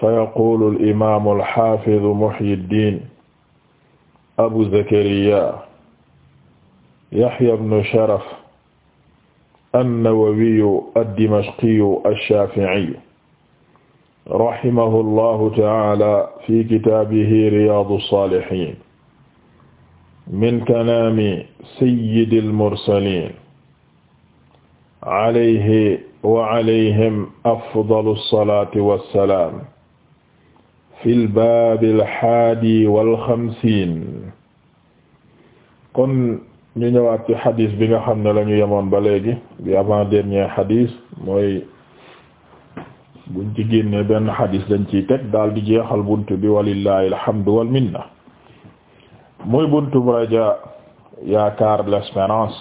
fa yaqulu al-imaamu al-haafidu Muhyiddin Abu Zakariya Yahya ibnu Sharaf an-Nawawiyu ad-Dimashqiyu ash-Shaafi'iyu rahimahu Allahu ta'aala fi kitaabihi Riyaadu s-Saalihiin min kalaami sayyidi l-mursaliin alayhi wa alayhim afdalu s-salaati wa s-salaam fil baabil haadi wal xamsiin kon ñu ñëwaat ci xadis bi nga xam ne lañu yemoon ba léegi bi avant dernier xadis mooy buñ ci génnee benn xadis lañ ci teg daal di jeexal bunt bi walillahi alhamdu wal minna muy buntu raja yaakaar l'espérance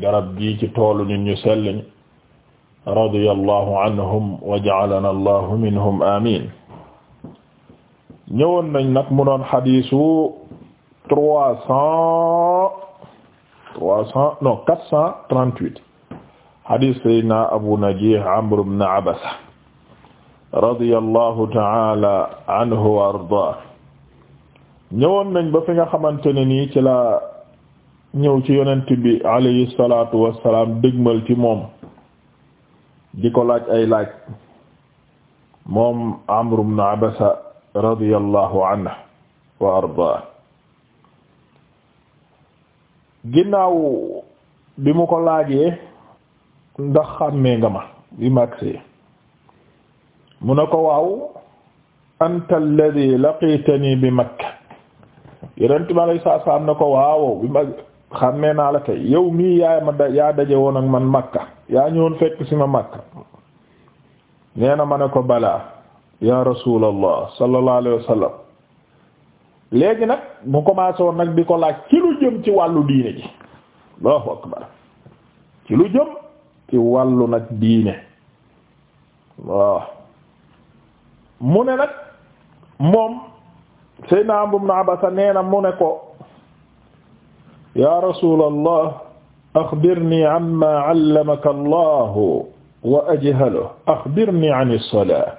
garab gii ci toolu nit ñu sell ñi radiyallahu anhum wa ja'alana allahu minhum amin ñëwoon nañ nag mu doon xadiisu trois cent trois cent non quatre cent trente-huit xadiis sayyidina Abu Najih Amr ibn Abasa radiyallahu ta'ala anhu wa ardaa ñëwoon nañ ba fi nga xamante ne nii ci la ñëw ci yonent bi alayhi salaatu wassalaam dëgmal ci moom di ko laaj ay laaj moom Amr ibn Abasa radiyallahu anhu wa ardaa ginnaaw bi mu ko laajee ndax xàmmee nga ma bi magsee mu ne ko waaw anta alladhi laqitani bi Makka na ko waaw bi mag xàmmee naa la tey yow mii yaay ma da yaa daje woon ak man Makka yaa ñëwoon fekk ci ma Makka nee na ma ne ko balaa ya rasulallah sallallahu alayhi sallam léegi nag mu commencé woon nag di ko laaj ci lu jëm ci wàllu diine ji allahu akbar ci lu jëm ci nag diine waaw mu ne nag moom Seydina Amru ibn Abasa nee na mu ne ko ya rasulallah axbirni amma allamaka allahu wa ajhalu axbirni an as-salaa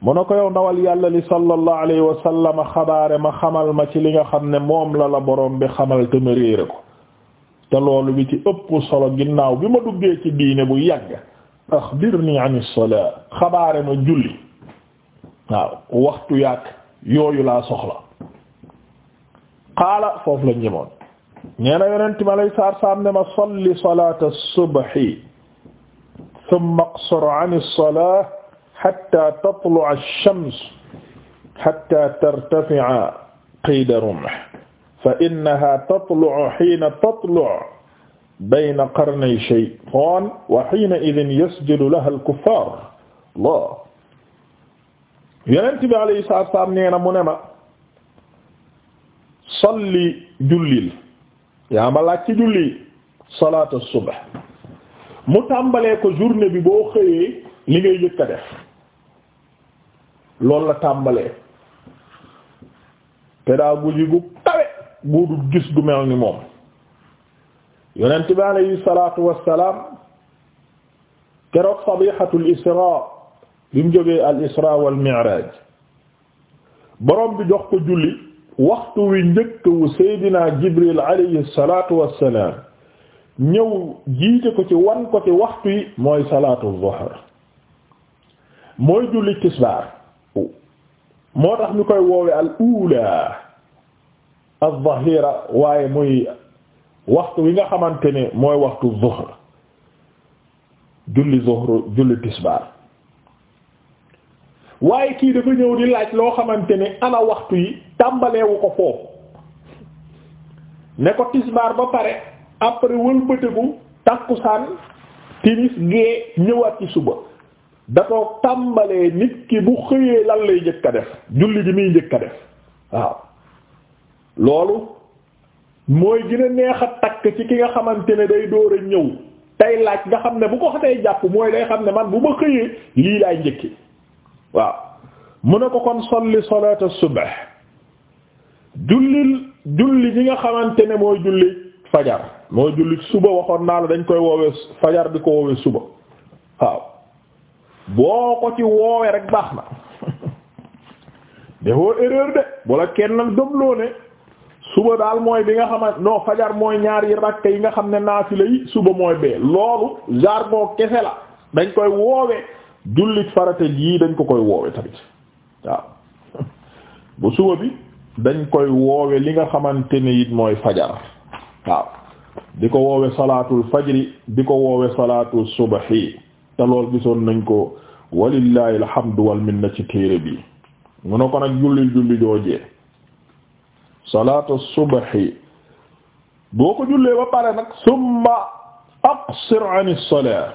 mu ne ko yow ndawal yàlla li sallallahu alayhi wa sallam xabaare ma xamal ma ci li nga xam ne moom la la boroom bi xamal te ma ko te loolu bi ci ëpp solo ginnaaw bi ma duggee ci diine bu yàgg axbirni an as-salaa xabaare ma julli waaw waxtu yàgg yooyu laa soxla qaala foof la ñimoon nee na yonent ma lay saar saam ne ma salli salaata subhi thumma iqsur an as-salaah hatta tatlu'a ash-shams hatta tartafi'a qayda rumh fa innaha tatlu'u hiina tatlu'u bayna qarnay shaytaan wa hiina'idhin yasjudu laha al-kuffaar Allah Yonent bi alayhi salaatu wa salaam nee na mu ne ma salli jullil yaa ma laaj ci julli salaatu subh mu tàmbalee ko journée bi boo xëyee li ngay jëkk def loolu la tàmbalee pédagogie gu tawe boo dul gis gu mel ni moom yonent bi alayhi salaatu wassalaam keroog sabihatul isra bi mu jógee al isra wal bi jox ko julli waxtu wi njëkk wu seydina jibril alayhi salaatu wassalaam ñëw jiite ko ci wan ko ci waxtu yi mooy salaatu dhuhr mooy julli tisbaar moo tax ñu koy woowe al ula al dhahira waaye muy waxtu wi nga xamante ne mooy waxtu dhuhr julli dhuhr julli tisbaar waaye kii dafa ñëw di laaj loo xamante ni ala waxtu yi tàmbaleewu ko foofu ne ko tisbaar ba pare après wëlbatiku takkusaan timis gée ñëwaat ci suba da ko tàmbalee nit ki bu xëyee lan lay njëkk a def julli bi muy njëkk def waaw loolu mooy gën a neex takk ci ki nga xamante ne day door ñëw tey laaj nga xam ne bu ko xatee jàpp mooy day xam ne man bu ma xëyee lii laay njëkki waaw mu ne ko kon solli salaata subh jullil julli gi nga xamante ne mooy julli fajar mooy jullit suba waxoon naa la dañ koy woowee fajar di ko woowee suba waaw boo ko ci woowee rek baax na defoo erreur de wala kenn nag dëbloo ne suba daal mooy bi nga xamante noo fajar mooy ñaar yi rakk yi nga xam ne naafila yi suba mooy bee loolu jargon kese la dañ koy woowe jullit farata yii dañ ko koy woowee tamit waaw bu suba bi dañ koy woowe li nga xamante ne it mooy fajar waaw di ko woowe salaatul fajri di ko woowe salaatul subhi te lool gisoon nañ ko walillahi alhamdu wal minna ci téere bi mu ne ko nag jullil julli joojee salaatu subhi boo ko jullee ba pare nag summa aqsir an as-salat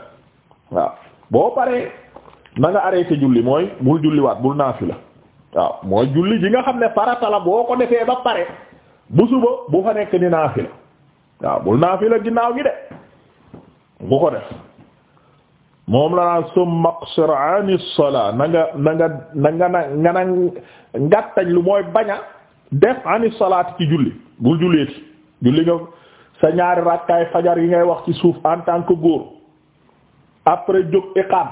waaw boo paree na nga arrêté julli mooy bul julliwaat bul naafila waaw mooy julli ji nga xam ne farata boo ko defee ba pare bu suba bu fa nekk ni naafila waaw bul naafila ginnaaw gi de bu ko def moom la naa summa qsir ani salaa na nga na nga na nga na nga na lu mooy baña def ani salaat ci julli bul julleeti julli nga sa ñaari rakkaay fajar yi ngay wax ci suuf en tant góor après jóg iqaam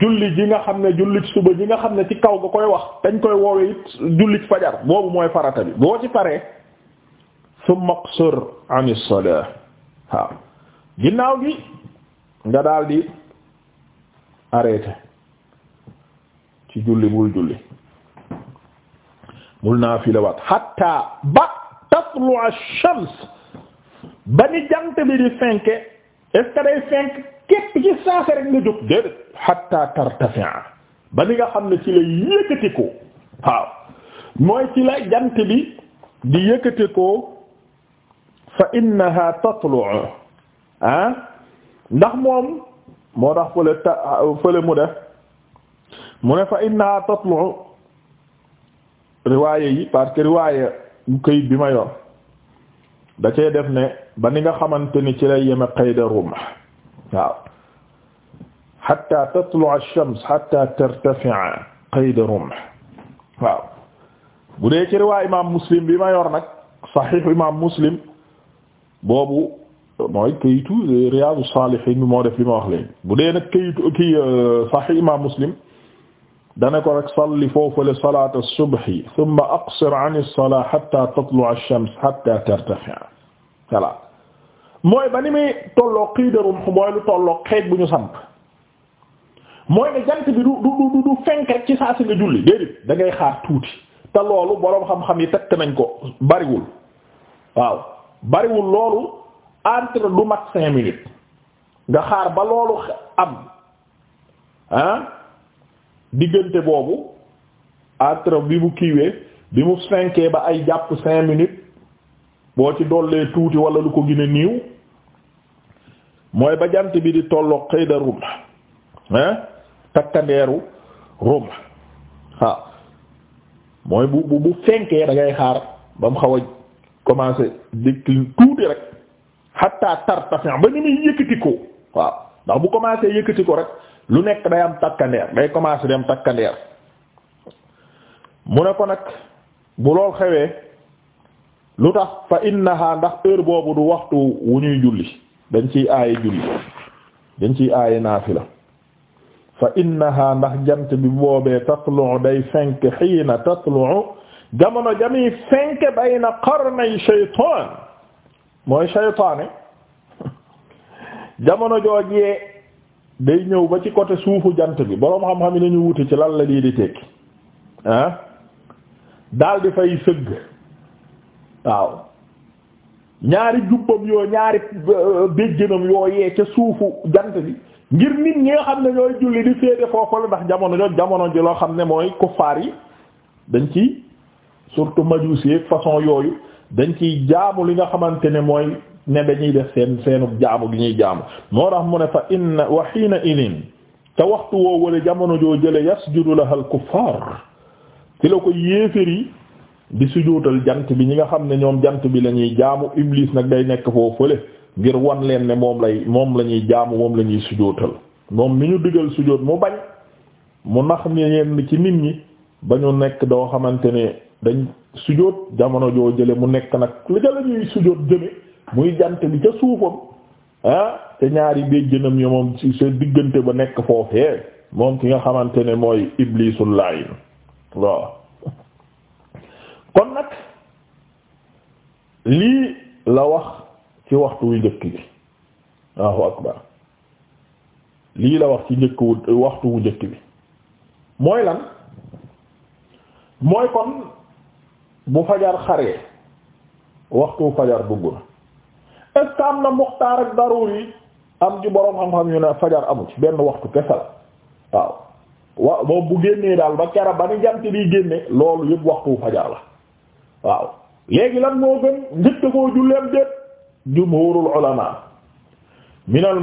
julli ji nga xam ne jullit suba ji nga xam ne ci kaw nga koy wax dañ koy woowe it jullit fajar boobu mooy farata bi boo ci paree thumma qsir an as-salah waaw ginnaaw gi nga daal di arrêté ci julli bul julli bul naafila waat hatta ba tatlu ash-shams ba ni jant bi di fenk est-ce que day fenk képp ci saase rek nga jóg déedéet hatta tartafi'a ba ni nga xam ne ci la yëkkati ko waaw mooy ci la jant bi di yëkkati ko fa innaha tatlu ah ndax moom moo tax fële ta fële mu def mu ne fa innaha tatlu riwaaye yi parce que riwaaye bu këyit bi ma yor da cee def ne ba ni nga xamante ni ci lay yeme qayda rum waaw hatta tatlu ash-shams hatta tartafi'a qayda rum waaw bu dee ci riwaay imaam muslim bi ma yor nag saxiix imaam muslim boobu mooy kayitu Riyadu Salihin bi moo def li wax léegi bu dee nag kayitu kii euh, Sahih Imam Muslim dana ko rek salli foofule salaata subhi thumma aqsir an as-salaa hatta tatlu'a ash-shams hatta voilà mooy ba ni muy tolloo qiidarum lu tolloo bu ñu samp mooy ne jant bi du du ci saa si julli déedéet da xaar tuuti te loolu xam-xam yi takk nañ ko bariwul bariwul loolu entre du mat cinq minutes nga xaar ba loolu am ah diggante boobu entre bi mu kiiwee bi mu finkee ba ay jàpp cinq minutes boo ci dollee tuuti wala lu ko gën niiw mooy ba jant bi di tolloog xëy da rum ah takkandeeru rum waaw mooy bu bu bu fenkee da ngay xaar ba mu xaw a commencé décline tuuti rek hatta tartafin ba ni muy yëkkati waaw ndax bu commencé yëkkati ko rek lu nekk day takkandeer day commencé dem takkandeer mu ne ko nag bu lool xewee lu tax fa innaha ndax heure boobu du waxtu wu ñuy julli dañ ciy aaye julli dañ ciy aaye naafila fa innaha ndax jant bi boobee tatlu day fenk xiina tatlu jamono jami fenk bayna qarnay shaytaan mooy shaytaane jamono joojee day ñëw ba ci côté suufu jant bi boroom xam-xam yi dañu wute ci lan la lii di ah? daal di fay sëgg ñaari jubbam yoo ñaari euh, béjjënam yoo yee ca jant bi ngir nit ñi nga xam ne ñooy julli di féete foofu la ndax jamono jo jamono ji loo xam ne mooy kuffaar yi dañ ci surtout majusi ak façon yooyu dañ ciy jaamu li nga xamante ne mooy ne dañuy def seen seenu jaamu gi ñuy jaamu moo tax mu ne fa inna wa hiina idin te waxtu woo wala jamono joo jële yasjudu laha al kuffar ci la ko yéefér yi di sujootal jant bi ñi nga xam ne ñoom jant bi la ñuy jaamu iblis nag day nekk foofu fële ngir wan leen ne moom lay moom la ñuy jaamu moom la ñuy sujootal moom mi ñu digal sujoot mu bañ mu nax ñeen ci nit ñi ba ñu nekk doo xamante ne dañ sujóot jamono joo jële mu nekk nag li ca la ñuy sujóot muy jant bi ca suufam ah te ñaari béjjënam yo moom ci seen diggante ba nekk foofee moom ki nga xamante ne mooy iblisul laayin waaw kon nag lii la wax ci waxtu wu njëkk bi waaw akbar lii la wax ci njëkk wu waxtu wu njëkk bi mooy lan mooy kon bu fajar xaree waxtu fajar dugg na est ce que na muxtaar ak daruri am ci boroom xam-xam yu ne fajar amu ci benn waxtu kese la waaw wa boobu bu génnee daal ba kera ba ni jant bi génne loolu yëpp waxtu fajar la waaw léegi lan moo gën njëkk koo julleem déet jumhurul ulama min al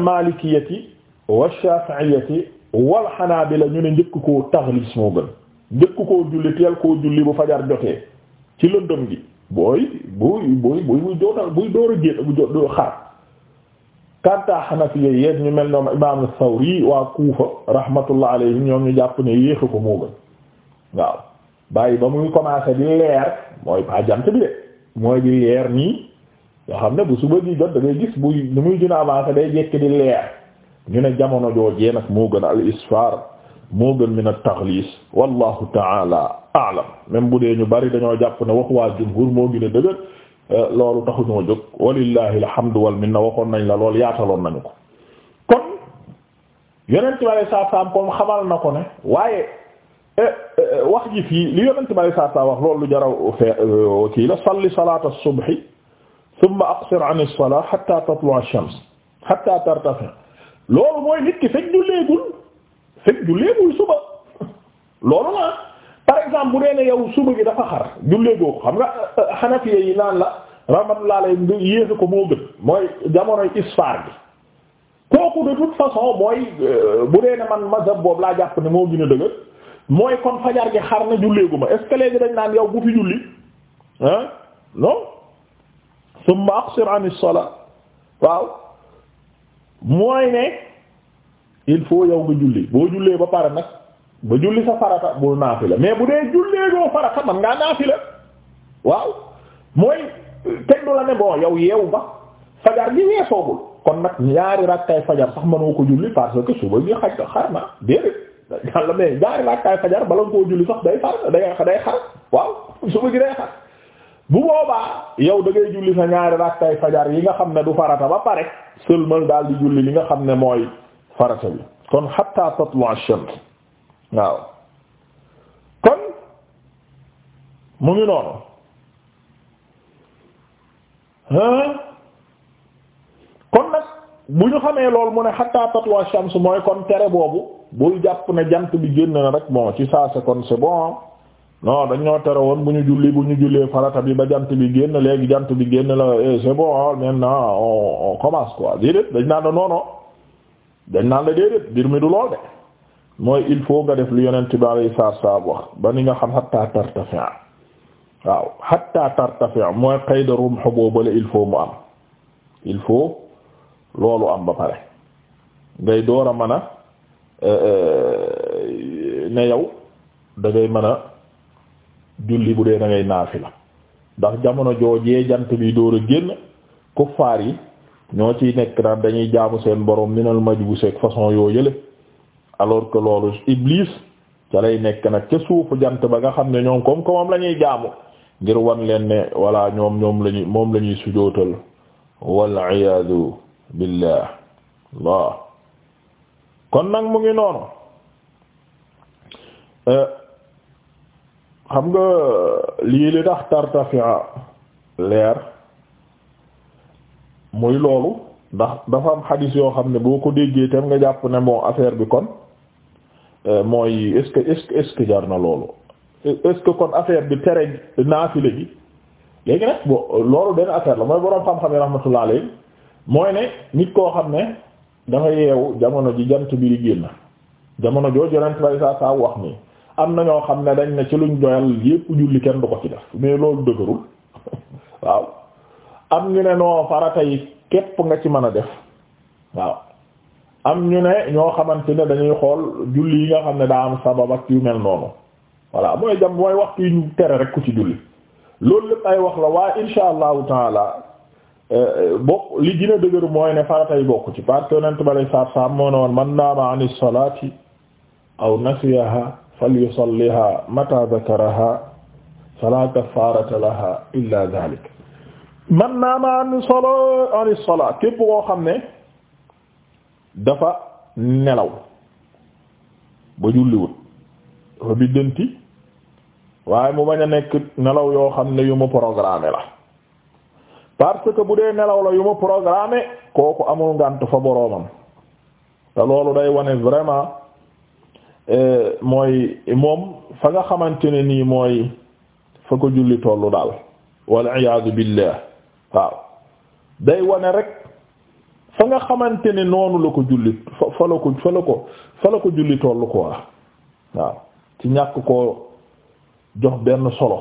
wa shafi'iyati wal hanabila ñu ne njëkk koo taxlis moo gën njëkk koo julli teel koo julli bu fajar jotee ci lëndëm gi booy booy booy booy buy dootal buy door a génn bu jo xar kanta Hanafiya ñu mel ñoom imaamu Sawri waa Kuufa rahmatullah alayhi ñoom ñu jàpp ne yéex ko moo gën waaw bàyyi ba muy commencé di leer mooy pas jant bi de mooy di leer nii yoo xam ne bu suba di jot da gis buy nu muy gën a avancé day jekk di leer ñu ne jamono joojee nag moo gën al isfar moo gën min at-taghlis wallahu ta'ala a'lam même bu dee ñu bari dañoo jàpp ne waxu waa jumhur moo gën a dëgër eh, loolu taxuñoo jóg walillahi alhamdu wal waxoon nañ la lool yaataloon nañu ko kon yonent bi alayhi salaatu salaam xamal na ko ne waaye eh, eh, wax ji fii li yonent bi alayhi salaatu loolu lu jaraw fee kii la salli salaata subhi thumma aqsir an as-salaati hatta tatlu'a loolu mooy nit ki fekk ñu fekk julleegul suba loolu la par exemple bu dee ne yow suba gi dafa xar julleegoo ko xam nga xanafiya euh, yi naan la rahmatullah alayhi nga yéexe ko moo gën mooy jamonoy isfaar bi kooku de toute façon mooy euh, bu dee ne man mazhab boobu laa jàpp ne moo gën dëgër mooy kon fajar gi xar na julleegu ma est-ce dañ naan yow bu fi julli ah non summa aqsir an as waaw mooy ne il faut yow nga julli boo jullee ba pare nag ba julli sa farata bul naafila mais bu dee jullee doo farata man ngaa naafila waaw mooy kenn du la ne bon yow yeewu ba fajar gi weesoogul kon nag ñaari rakkaay fajar sax mënoo ko julli parce que suba bi xaj xar na déedéet ñaari rakkaay fajar bala nga koo julli sax day far day xar waaw suba gi day xar bu boobaa yow da ngay julli sa ñaari rakkaay fajar yi nga xam ne du farata ba pare sëlmal daal di julli li nga xam ne mooy farata bi kon hatta tatlu ash-shams waaw kon mu ngi noonu kon nag bu ñu xamee lool mu ne hatta tatlu ash-shams mooy kon tere boobu bul jàpp ne jant bi génn na rek bon ci saa sa kon c'est bon non dañ ñoo tere woon bu ñu julli bu ñu jullee farata bi ba jant bi génn léegi jant bi génn la eh, c'est bon maintenant commence quoi déedéet dañ naan non non. dañ naan la déedéet mbir mi du lool de mooy il faut nga def lu yonent bi alayhi salaam wax ba ni nga xam hatta tartafi'a waaw hatta tartafi'a mooy qayd rumh boobale il faut mu am il faut loolu am ba pare ngay door a mën a euh, euh, ne yow dangay ngay mën a julli bu dee da naafila ndax jamono joojee jant bi door a génn kuffaar yi ñoo ciy nekk naan dañuy jaamu seen borom minal majbuus ak façon yoo yële alors que loolu iblis ca lay nekk nag ca suufu jant ba nga xam ne ñoom comme comme la ñuy jaamu ngir wan leen ne walla ñoom ñoom lañuy moom la ñuy sujootal wal iyaadu billah kon nag mu ngi noonu euh, xam nga lii li tax tartafia leer muy loolu ndax dafa am xadis yoo xam ne boo ko déggee tam nga jàpp ne moo affaire bi kon euh, mooy est-ce que est jar na loolu est kon affaire bi tere naafile gi léegi nag bon loolu benn affaire la mooy boroom xam-xam yi rahmatullah alayhi mooy ne nit koo xam ne dafa yeewu jamono ji jant bi di génn jamono joo yonent bay saa saa wax nii am na ñoo xam ne dañ ne ci luñ doyal yépp julli kenn du ko ci def mais loolu dëgërul waaw am ñu ne noo farata yi képp nga ci mën a def waaw am ñu ne ñoo xamante ne dañuy xool julli yi nga xam ne daa am sabab ak yu mel noonu voilà mooy jam mooy waxtu yi tere rek ku ci julli loolu lépp ay wax la waaye insha allahu taala euh, euh, bokk li gën a dëgër mooy ne farata yi bokk ci parce que nent balay sar sam moo ne woon man naama an ilsolati aw nasiyaha falyusalliha mata dakaraha fala kafarata laha illa dalik man naa naama an solo an sola képp koo xam ne dafa nelaw ba julliwut dafa biddanti waaye mu bañ a nekk nelaw yoo xam ne yu ma programmé la parce que bu dee nelaw la yu ma programmé kooku amul ngànt fa boroomam te loolu day wane vraiment euh, mooy moom fa nga xamante ne nii mooy fa ko julli tollu daal wal iyaadu billah waaw day wane rek fa nga xamante ne noonu la ko julli fa fa la ko fa la ko fa ko julli tollu ko waaw ci ñàkk ko jox benn solo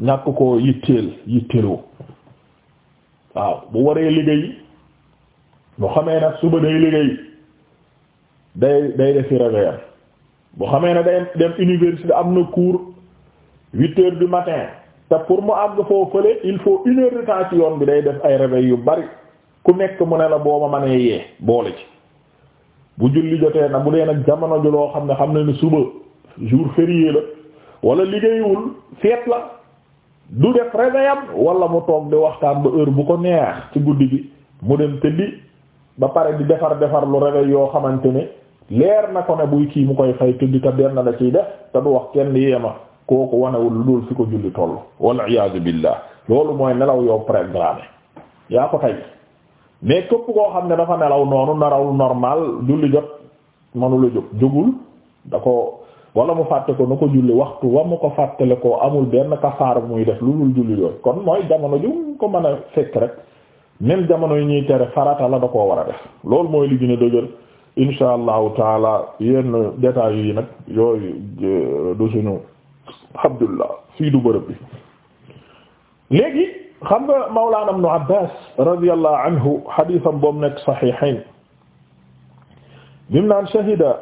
ñàkk ko yitteel yitteeloo waaw bu waree liggéey boo xamee nag suba day liggéey day day defi réveil bu xamee ne day dem université am na cour huit heures du matin te pour mu àgg foofu fële il faut une heure yoon bi day def ay réveil yu bari ku nekk mu ne la boo ma manee yee boole ci bu julli jotee na bu dee nag jamono ju loo xam ne xam ne ni suba jour férié la wala liggéeyul feet la du def réveillam wala mu toog di waxtaan ba heure bu ko neex ci guddi gi mu dem tëddi ba pare di defar defar lu réveil yoo xamante ne leer na ko ne buy kii mu koy fay tëddi te benn la ciy def te du wax kenn yee ma kooku wanewul lu dul fi ko julli toll wal iyaadu billah loolu mooy nelaw yow programme yaa ko tey mais képp koo xam ne dafa nelaw noonu naraw normal julli jot manula jóg jógul da ko wala mu fàtte ko na ko julli waxtu wa mu ko fàttale koo amul benn kafaar muy def lu dul julli yooyu kon mooy jamono ju ko mën a fekk rek même jamono yi ñuy tere farata la da koo war a def loolu mooy li gën a dëgër insha allahu taala yenn détails yi nag euh, Abdullah fii du bërëb bi léegi xam nga Mawlaana Ibnu Abbaas radiyallahu anhu xadiisam boobu nekk saxiixayn bim naan shahida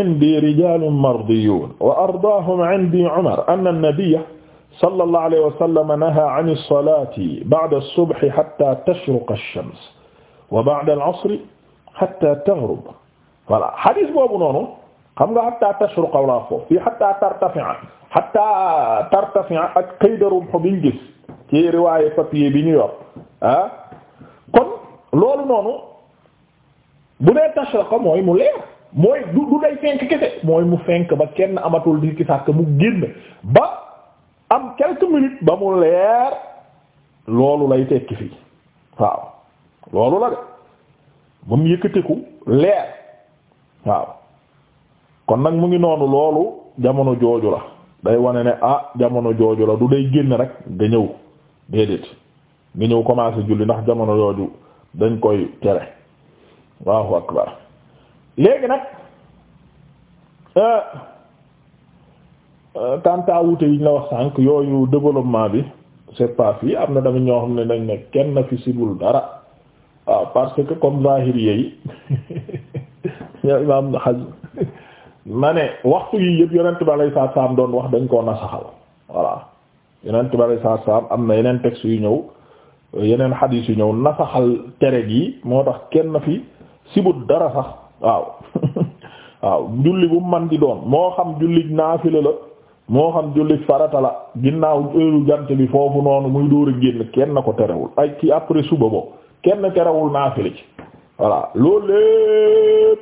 indi rijaalun mardiyyuun wa ardaahum indi Umar anna nabiyya sallallahu alayhi wa sallam nahaa an as-salaati ba'da as-subhi hattaa tashruqa ash-shams wa ba'da al-'asri hattaa taghrub voilà xadiis boobu noonu. xam nga hatta tashruqa wala foofu fii hatta tartafi'a hatta tartafi'a ak qayda rumh biñ gis bi ñu yor ah kon loolu noonu bu dee tashruqa mooy mu leer mooy du du day fenk kese mooy mu fenk ba kenn amatul di ki sàkk mu génn ba am quelques minutes ba mu leer loolu lay tekki fii waaw loolu la ba mu yëkkatiku leer waaw kon nag mu ngi noonu loolu jamono jooju la day wane ne ah jamono jooju la du day génn rek nga ñëw déedéet nga ñëw commencé julli ndax jamono jooju dañ koy tere waaw akbar euh, euh, wute yi ñu wax sànq yooyu développement bi c'est pas fii am na tamit ñoo xam ne dañ ne kenn na fi sibul dara waaw ah, parce que comme zahiri yi ñoo imam Hazm ma ne waxtu yi yëpp yonent bi alayhi salaatu doon wax dañ koo nasaxal voilà yonent bi alayhi salaatu am na yeneen texte yu ñëw yeneen xadiis yu ñëw nasaxal tere gi moo tax kenn fi sibut dara sax waaw waaw julli bu man di doon moo xam julli naafila la moo xam julli faratala ginnaaw heure jant bi foofu noonu muy dóor a génn kenn ko terewul ay ci après suba bo kenn terewul naafila ci voilà loolu lépp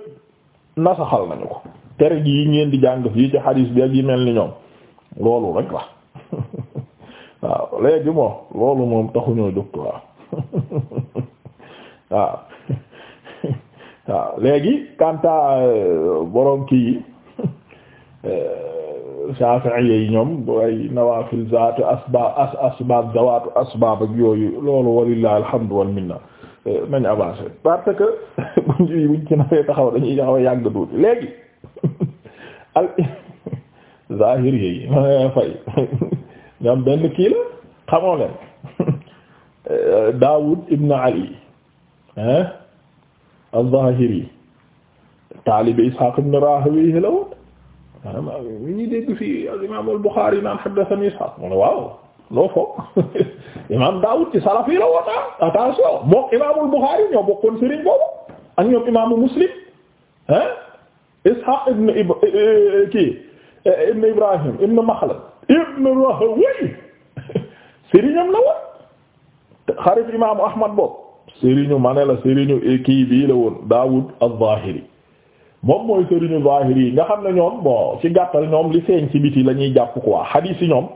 nasaxal nañu ko tere gi yi ngeen di jàng fii ci xadiis bi ak yi mel ni ñoom loolu rek la waaw léegi moom loolu moom taxuñoo jóg waaw waaw waaw léegi kanta euh, borom kii yi euh, Shafi'i yi ñoom ay nawaafil zaatu asbaab as asbaab zawaatu asbaab ak yooyu loolu walillahi alhamdu wal minna euh, nañ avancé parce que buñ ci buñ ci taxaw dañuy taxaw yàgg duuti léegi al zahir yi ma fay ñoom benn kii la xamoo leen euh, Ali hein al-Zahiri taalibe Ishaq ibn Rahawayh la woon ma ñu dégg fii al al-Bukhari naan haddathani Ishaq mu ne waaw loo foog Imam Daawud ci salaf yi la woon ah attention moom Imam al-Bukhari ñoo bokkoon sëriñ boobu ak ñoom Imam Muslim hein Ishaq ibn Iba eh, eh, kii eh, ibn Ibrahim ibn Makhlad ibn Rahawayh sëriñam la woon xarit imaamu Ahmad boobu sëriñu ma ne la kii bii la woon Daawud az-Zahiri moom mooy sëriñu Zahiri nga xam ne ñoom bon ci gàttal ñoom li feeñ ci biti la jàpp quoi xadiis yi ñoom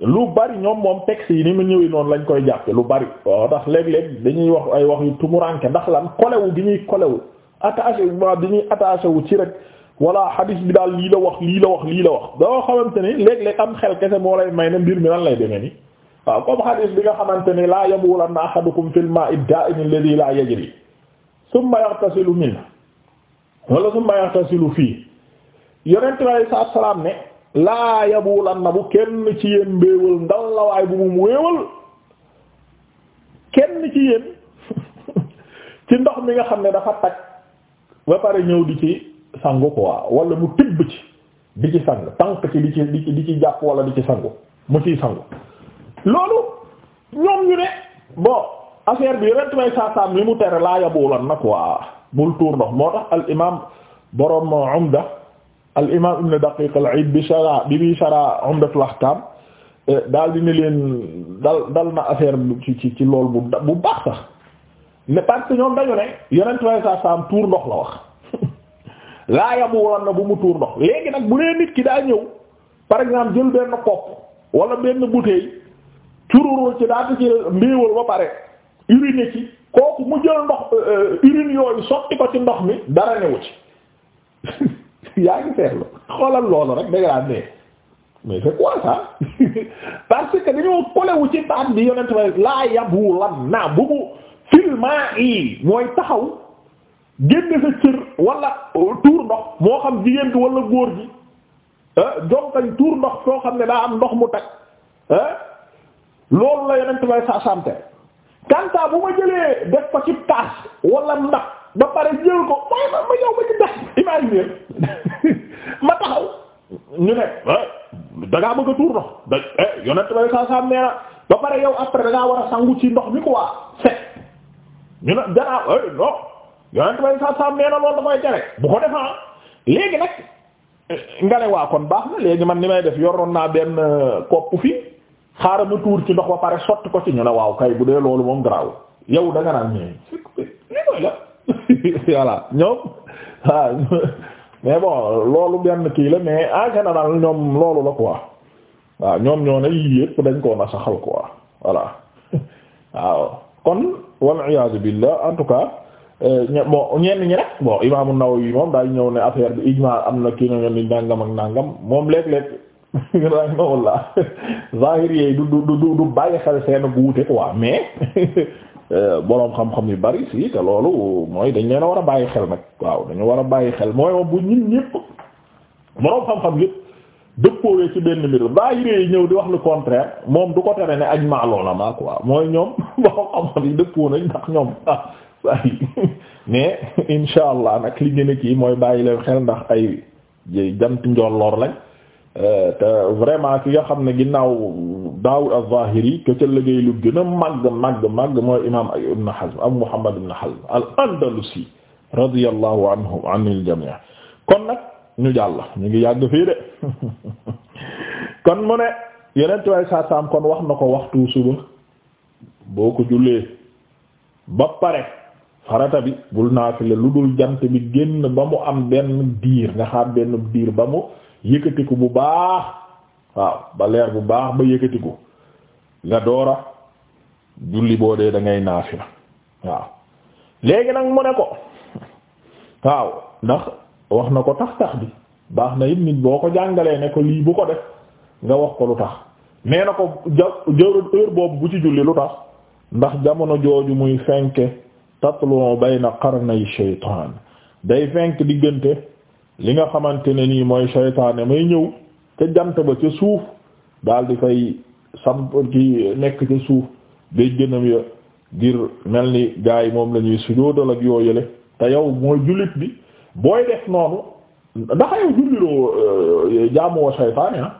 lu bari ñoom moom texte yi ni mu ñëwee noonu lañ koy jàppe lu bari. waaw ndax léeg-léeg dañuy wax ay wax yu tumuranke ndax lan kolewu gi ñuy kolewu. attaché waa bi ñuy attaché wu ci rek walla hadith bi daal lii la wax lii la wax lii la wax doo xamante ni léeg-léeg am xel kese moo lay may ne mbir mi lan lay demee ni waaw comme hadith bi nga xamante ni laa yabulanna ahadukum fil ma'i ad-da'im alladhi la yajri thumma yaghtasilu minhu wala thumma yaghtasilu fii yonent bi alayhi salaatu salaam ne laa yabulanna bu kenn ci yéen mbéewal ngal la waay bu mu wéewal kenn ci yéen ci ndox mi nga xam ne dafa tag ba pare ñëw di ci sangu quoi wala mu tibb ci di ci sang tànk ci di ci di ci jàpp wala di ci sangu mu ciy sangu loolu ñoom ñu ne bon affaire bi rent may saasaam li mu tere laa yabulan na quoi bul tuur ndox moo tax al imam borom umda al imam ibn daqiq al aid bi shara bi bi shara umdatul ahkam eh, daal di ne leen dal dal na affaire bi ci ci lool bu baax sax mais parce que ñoom dañu ne yonent way sa saam tuur ndox la wax laa yabu woon na bu mu tuur ndox léegi nag bu dee nit ki daa ñëw par exemple jël benn kopp wala benn bouteille cururu ci daata ci mbiiwal ba pare urine ci kooku mu jël ndox euh, urine yooyu sotti ko ci ndox mi dara newu ci yaa ngi seetlu xoolal loolu rek dëgg laa nee mais c'est quoi parce que dañoo kolewu ci baat bi yonent way laa yabu lan naa bu mu fil ma'i mooy taxaw génne sa cër wala tuur ndox moo xam jigéen bi wala góor gi ah, jonkañ tuur ndox soo xam ne daa am ndox mu tag ah, loolu la yenent may sa sante kanta bu ma jëlee def ko ci taas wala ndax ba pare jël ko mooy ma ma ñëw ba ci ndax imaginer ma taxaw ñu ne eh, da ngaa bëgg a tuur ndox da eh, yonent may sa nee na ba pare yow après da war a sangu ci ndox mi quoi set ñu ne gannaaw eh non yonent loolu da koy bu ko defaa léegi nag eh, nga ne waa kon baax na léegi man ni may def yoroon naa benn eh, kopp fii xaaral ma tuur ci ndox ba pare sotti ko ci ñu ne waaw kay bu dee loolu moom garaaw yow da nga naan ñëw lii mooy la ñoom ah, mais bon loolu benn kii la mais en général ñoom loolu la quoi waaw ñoom ñoo ne yii yëpp dañ koo na saxal quoi voilà waaw kon. wal iyaadu billah en tout cas euh, bon ñenn ñi rek bon imaamu Nawawi moom daal ñëw ne affaire bi ijmaa am na kii nañu ni nangam ak nangam moom léeg-léeg rahimahullah zahiri yi du du du du bàyyi xel seen gu wute quoi mais euh, boroom xam-xam yu bari si te loolu mooy dañ leen a war a bàyyi xel nag waaw dañu war a bàyyi xel mooy moom bu ñun ñépp boroom xam-xam yépp dëppoowee ci benn mbir ñëw di wax le contraire moom du ko tere ne aj maa loola ma waa mooy ñoom boo xamoon yi dëppoo nañ ndax ñoom ah waaye allah nag li gën a kii mooy bàyyi leen xel ndax ay jant njolloor lañ euh, te vraiment ki nga xam ne ginnaaw Daawud az-Zahiri ke ca liggéey lu gën a màgg mooy imam Ibn Hazm Abu Muhammad ibn Hazm al-Andalusi radiyallahu anhu anil kon nag ñu jàll ñu ngi yàgg fii de kon mu ne yeneen tuwaay kon wax na ko waxtu suba boo ko jullee ba pare farata bi bul naafile lu dul jant bi génn ba mu am benn diir nga xam benn diir ba mu yëkkatiku bu baax waaw ba bu baax ba yëkkatiku nga doora julli boo dee da ngay naafila waaw léegi nag mu ne ko waaw ndax wax na ko tax tax bi baax na it nit boo ko jàngalee ne ko lii bu ko def nga wax ko lu tax nee na ko ja heure boobu bu ci julli lu tax ndax jamono jooju muy fenke tatlu bayna qarnay shaytaan day fenk diggante li nga xamante ne nii mooy shaytaane may ñëw ca jant ba ca suuf dal di fay samp ci nekk ca suuf day gënam ya ngir mel ni gaa yi moom la ñuy sujóotal ak yoo te yow mooy jullit bi booy def noonu ndax yow julliloo euh, jaamuwoo saytaane ah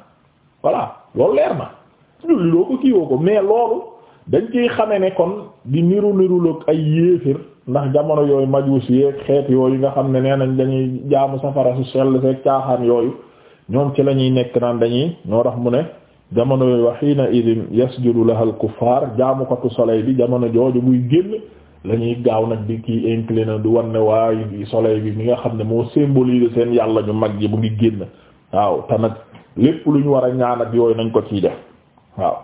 voilà loolu leer na julliloo ko kiiwoo ko mais loolu dañ ciy xame ne kon di niru niru ak ay yéefir ndax jamono yooyu majuus yeeg xeet yooyu nga xam ne nee nañ dañuy jaamu safara su sell seeg caaxaan yooyu ñoom ci la ñuy nekk naan dañuy ñoo tax mu ne jamono yooyu wa xiina idin yasjudu laha al kuffar jaamukatu soleil bi jamono jooju muy génn lañuy ñuy gaaw nag di kii incliné du wan ne waaye soleil bi mi nga xam ne moo symbolise seen yàlla ñu mag yi bu ngi génn waaw te nag lépp lu ñu war a ñaan ak yooyu nañ ko ciy def waaw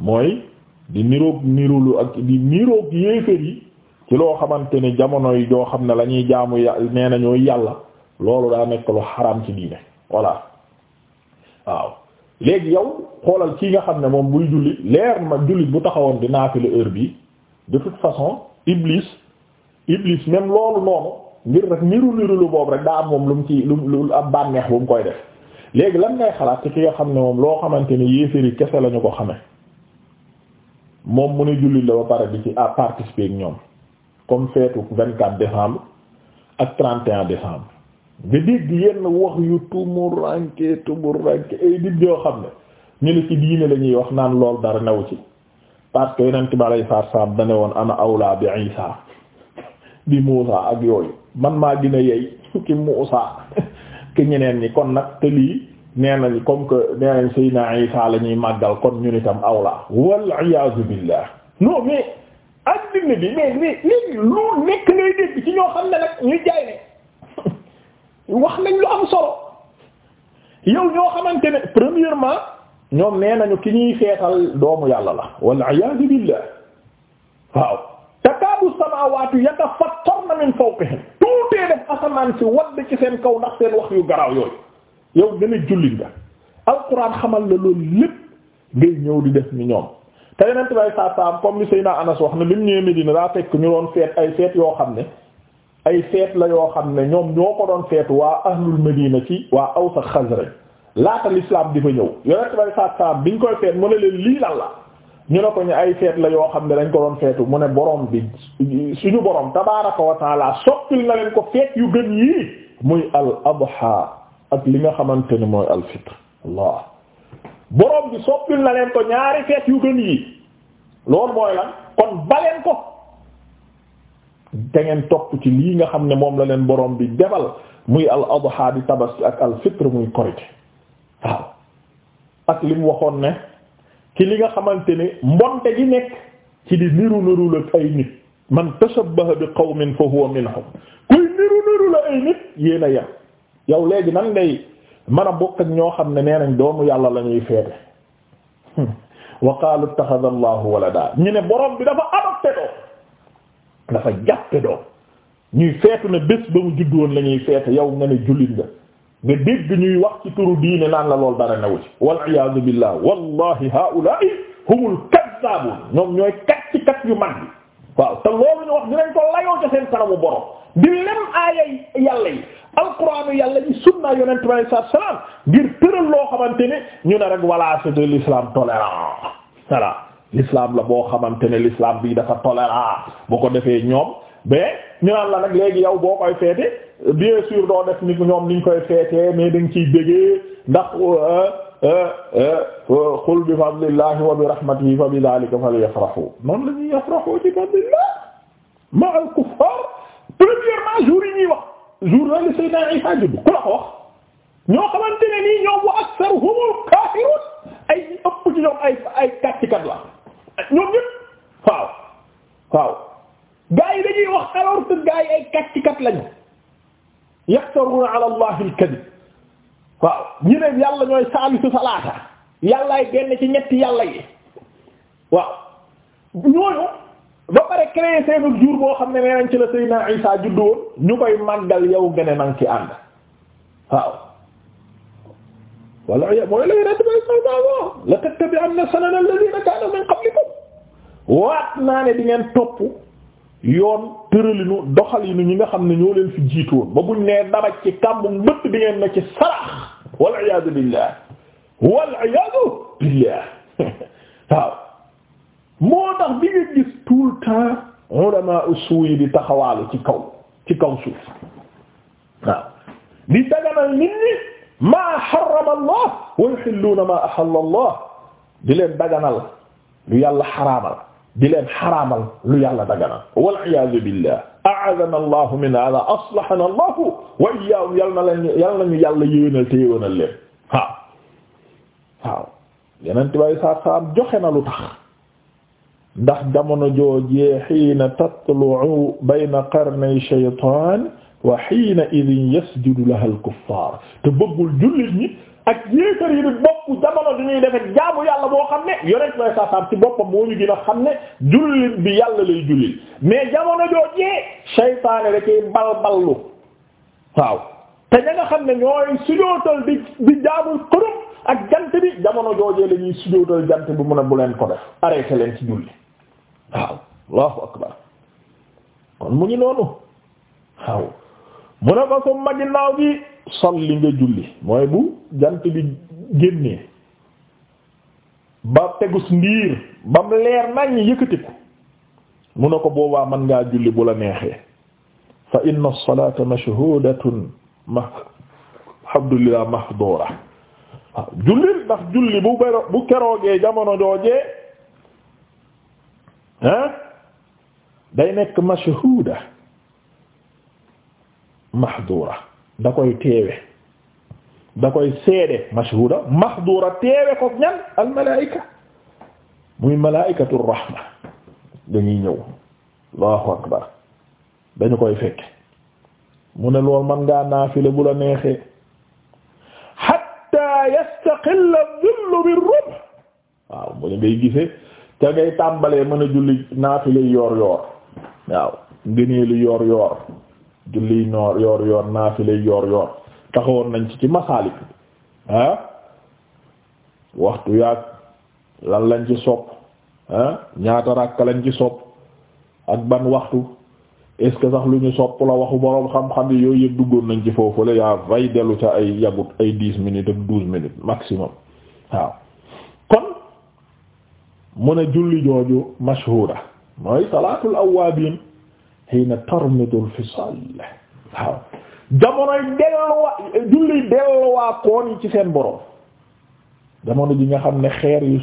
mooy di niroog nirulu ak di niroog yéeféer yi ci loo xamante ni jamono yi joo xam ne lañuy jaamu yà nee na ñooy yàlla loolu daa nekk lu xaraam ci diine voilà waaw léegi yow xoolal kii nga xam ne moom buy julli leer ma jullit bu taxawoon di naafila heure bi de toute façon iblis iblis même loolu noonu ngir rek niru niru lu boobu rek daa am moom lu mu ci lu ab bànneex bu mu koy def léegi lan ngay xalaat ci ki nga xam ne moom loo xamante ni yéeféri kese lañu ko xame moom mu ne jullit la ba pare di ci à ñoom comme feetu vingt-quatre décembre ak trente et un décembre nga dégg yenn wax yu tumuranke tumuranke ay nit yoo xam ne ñu ne ci diine la ñuy wax naan lool dara new ci parce que yonent bi alayhi salaatu salaam dane woon ana awla bi Isa bi Muusa ak yooyu man maa gën a ki Muusa ki ñeneen ñi kon nag te lii nee comme que nee nañ Seydina Isa la ñuy màggal kon ñun itam awla wal iyaazu billah non mais addina bi mais léegi lu nekk ngay dégg ci ñoo xam ne nag ñu jaay ne wax nañ lu am solo yow ñoo xamante ne premièrement ñoom nee nañu ki ñuy feetal doomu yàlla la wal iyaadu billah waaw takaadu samaawaatu yatafattarna min fawqihim tuutee def asamaan si wadd ci seen kaw ndax seen wax yu garaaw yooyu yow gën a jullit nga alquran xamal la loolu lépp ngay ñëw di def ni ñoom te yenent bay saa saam comme ni Seydina Anas wax ne bi mu ñëwee Medina daa fekk ñu doon feet ay feet yoo xam ne ay feet la yoo xam ne ñoom ñoo ko doon feet waa ahlul Medina ci waa aw ak Xasraj laata lislaam di fa ñëw yonent bay saat salam biñ koy feet mu ne leen lii lan la ñu ne ko ñu ay feet la yoo xam ne dañ ko doon feetu mu ne borom bi suñu borom tabaraka wa soppil na leen ko feet yu gën yii muy al adha ak li nga xamante ni mooy al fitr allah borom bi soppil na leen ko ñaari feet yu gën yii loolu mooy lan kon baleen ko da ngeen topp ci lii nga xam ne moom la leen borom bi defal muy al adha di tabaski ak al fitr muy korite waaw ak li waxoon ne ci li nga xamante ne mbonte gi nekk ci di niru niru la ay nit man tashabbaha bi qawmin fa huwa minhum kuy niru niru la ay nit yéen a yem yow léegi nan ngay mën a bokk ñoo xam ne nee nañ doomu yàlla lañuy ñuy feete wa qaalu ittakhadha allahu walada ñu ne borom bi dafa adopté doom dafa jàppe doom ñuy feetu ne bés ba mu juddu woon la ñuy feete yow nga ne jullit nga nga dégg ñuy wax ci turu diine naan la lool dara newu ci wal iyaadu billah wallahi haula'i humul kaddaabun ñoom ñooy kat ci kat yu mag bi waaw te loolu ñu wax dinañ ko layoo ca seen kanamu borom di lem aaya yàlla yi alquraan yàlla yi sunna yonent bi alayhi ngir tëral loo xamante ne ñu ne rek voilà c'est de l'islam tolérant voilà la boo xamante ne lislaam bi dafa tolérant bu ko defee ñoom mais ñu naan la nag léegi yow boo koy feete bien sûr doo def ni ñoom niñ koy feetee mais dañ ciy bégee ndax xul euh, euh, euh, bi fadlillahi wa bi rahmatihi fa bi dhalika falyafrahu noonu la ñuy yafrahu ci fadlillah ma al kuffar premièrement jour yi ñuy wax jour la li Seydina Isa juddu ku la ko wax ñoo xamante ne nii ñoom wa aktharuhumul kafirun ay ëpp ci ñoom ay ay kàccikat la ñoom ñëpp waaw waaw gaa yi dañuy wax alors que gaa yi ay kàccikat lañu yaftaruna ala allahi alkadib waaw ñu ne yàlla ñooy saalisu salaata yàllaay genn ci ñetti yàlla yi waaw ñooñu ba pare créé seen jour boo xam ne nee nañ ci la Seydina Isa juddu woon ñu koy màggal yow gën a nang ci ànd waaw wala mooy la yonente bay sa bawo la tattabi'anna sanana alladhina kanu min qablikum waat naa ne di ngeen topp yoon tëralinu doxalinu ñi nga xam ne ñoo leen fi jiitoon ba buñ nee dabaj ci kàmbu mbëtt bi ngeen na ci sarax wal iyaadu billah wal iyaadu billah waaw moo tax bi nga gis tout le taxawaalu ci kaw ci kaw suuf waaw di daganal nit maa harrama allah wa yuhilluuna maa ahalla allah di leen daganal lu yàlla xaraamal di leen xaraamal lu yàlla dagana wal iyaazu billah a'adana allahu min hada aslahana allahu wa iyyahum yal na leen yal nañu yàlla yéwénal te yéwénal leen waaw waaw yeneen tibaay saar saam joxe na lu tax ndax jamono joojee xiina tatlu'u bayna qarnay shaytaan wa xiina idin yasjudu laha al kuffaar te bëggul jullit ñi ak yéefar yi di bopp jamono di ñuy defee jaamu yàlla boo xam ne yonent lay saasaam ci boppam moo ñu gën xam ne jullit bi yàlla lay jullit mais jamono joojee saytaane da koy balballu waaw te ña nga xam ne ñooy sujootal di di jaamu xërëm ak jant bi jamono joojee la ñuy sujootal jant bi mu ne bu leen ko def arrêté leen ci julli waaw allahu akbar kon mu ngi noonu waaw mu ne ko summa ginnaaw bi salli nga julli mooy bu jant bi génnee ba tegus ndiir ba mu leer nañ yëkkatiku mu ne ko boobaa man ngaa julli bu la neexee fa inna as-salata mashhudatun alhamdulillah mahdura waaw ah, ndax julli bu bero bu keroogee jamono joojee hein day nekk mashhuda mahdura da koy teewe da koy seede mashhuda mahdura teewe ko ñan al malaayika muy malaayikatu rahma dañuy ñëw allahu akbar dañu koy fekke mu ne lool man ngaa naafile bu la neexee hatta yastaqilla dhillu bir rub waaw mu ne ngay gisee ca ngay tàmbalee mën a julli naafile yoor yoor waaw ngëneelu yoor yoor julli noor yoor yoor naafile yoor yoor taxawoon nañ ci ci masaalik ah waxtu yaag lan lañ ci sopp ah ñaata ràkka lañ ci sopp ak ban waxtu est ce que sax lu ñu sopp la waxu boroom xam-xam yi yooyu yëpp duggoon nañ ci foofu la yaa vay dellu ca ay yagut ay dix minutes ak douze minutes maximum waaw kon mu ne julli jooju mashhuda mooy salaatul awwaabiin hiina tarmidul fisaal waaw jamonoy delluwa julli delluwaa koon yi ci seen borom jamono ji nga xam ne xeer yu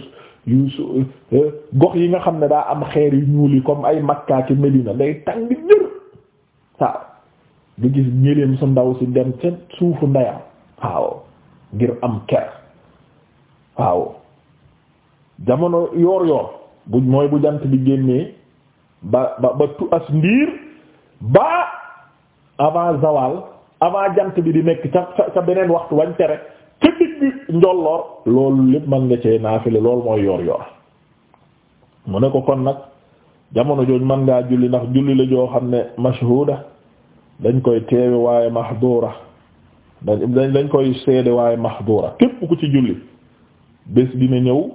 yu su eh, gox yi nga xam ne daa am xeer yu ñuul yi comme ay Makka ki Medina day tàng jër waaw nga gis ñëleem su ndaw si dem ca suufu ndeyam waaw ngir am ker waaw jamono yoor yoor bu mooy bu jant bi génnee ba ba ba tu as ndiir ba avant zawal avant jant bi di nekk ca ca beneen waxtu wañ tere ca digg njolloor loolu lépp mën nga cee naafile loolu mooy yor yor mu ne ko kon nag jamono jooju mën ngaa julli ndax julli la joo xam ne mashhuda dañ koy teewe waaye mahdura dañ dañ koy seede waaye mahdura képp ku ci julli bés dina ñëw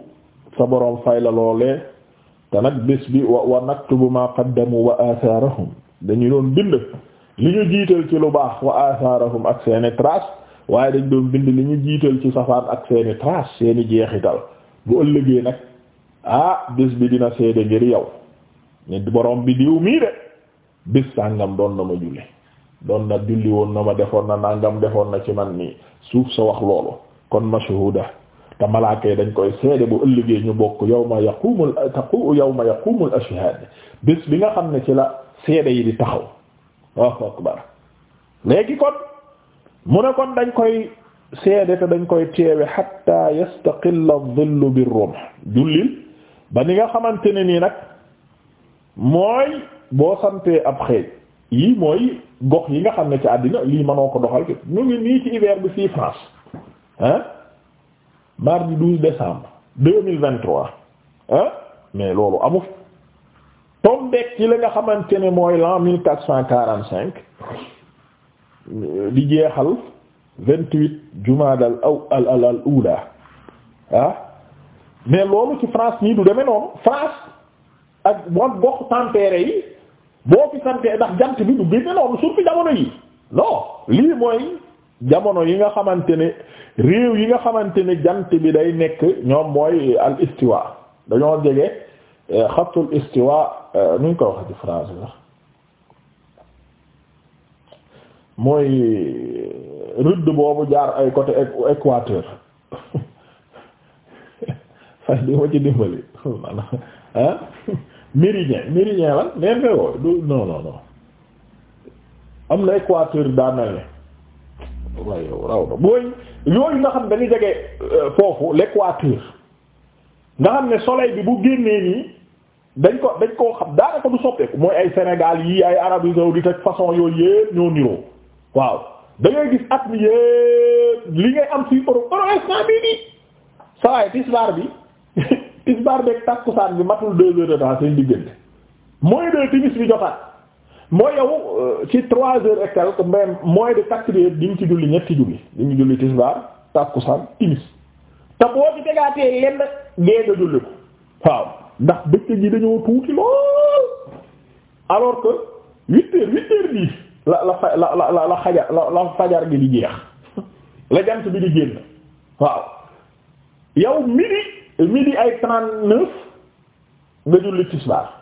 sa boroom fay la loolee te nag bés bi wa wa naktubu ma qaddamu wa atharahum dañu doon bind li ñu jiital ci lu baax wa atharahum ak seeni trace waaye dañ doon bind li ñu jiital ci safaan ak seeni trace seeni jeexital bu ëllëgee nag ah bis bi dina seede ngir yow ne borom bi diw mii de bés sàngam doon na ma julli doon na julli woon na ma defoon na nangam defoon na ci man nii suuf sa wax loolu kon mashhuda te malaaka dañ koy seede bu ëllëgee ñu bokk yawma yaqumul taqu yawma yaqumul ashhad bés bi nga xam ne ci la seede yi di taxaw Allahu akbar léegi kon mu ne kon dañ koy seede te dañ koy teewe hatta yastaqilla adh-dhillu bir-rumh jullil ba ni nga xamante ne nii nag mooy boo santee ab xëy yii mooy gox yi nga xam ne ci àddina lii mënoo ko doxal ki ñu ngi nii ci hiver bi fii France ah mardi 12 décembre 2023 hein mais loolu amu fi tombeek ci la nga xamante ni mooy l'an 1445 di jeexal 28 jumaada al aw al al al ula ah mais loolu ci France nii du demee noonu France ak moom gox tempéré yi boo fi sante ndax jant bi du génne noonu surtout jamono yi non lii mooy jamono yi nga xamante ne réew yi nga xamante ne jant bi day nekk ñoom mooy al istiwa dañoo jege eh, xatul istiwa eh, nu ñu ko waxee ci phrase la mooy eh, rëdd boobu jaar ay côté équateur fay di ma ci dimbali ah méridien méridien lan neen koy oh, woow du non non non am na équateur daanale waaye yow raw na mooy yooyu nga xam dañu jege euh, foofu l'équateur nga xam ne soleil bi bu génnee nii dañ ko dañ koo xam daanaka du soppeeku mooy ay Sénégal yi ay Arabie saoudite ak façon yooyu yépp ñoo niroo waaw da ngay gis at mi yépp li ngay am ci Europe Europe instant bii nii saa waay tisbaar bi tisbaar beeg takkusaan bi matul deux heures de temps seen diggante mooy de timis bi jotaat. moo yow euh, ci trois heures et quelques même moins de quatre heures di nga ci julli ñetti julli di nga julli tisbaar tàkkusaan timis te boo ci tegaatee lenn gée nga julli ko waaw ndax bëccëg yi dañoo tuuti lool alors que huit heures huit heures la la fa la la la xajar la la fajar gi di jeex la jant bi di génn waaw yow midi midi ay trente nga julli tisbaar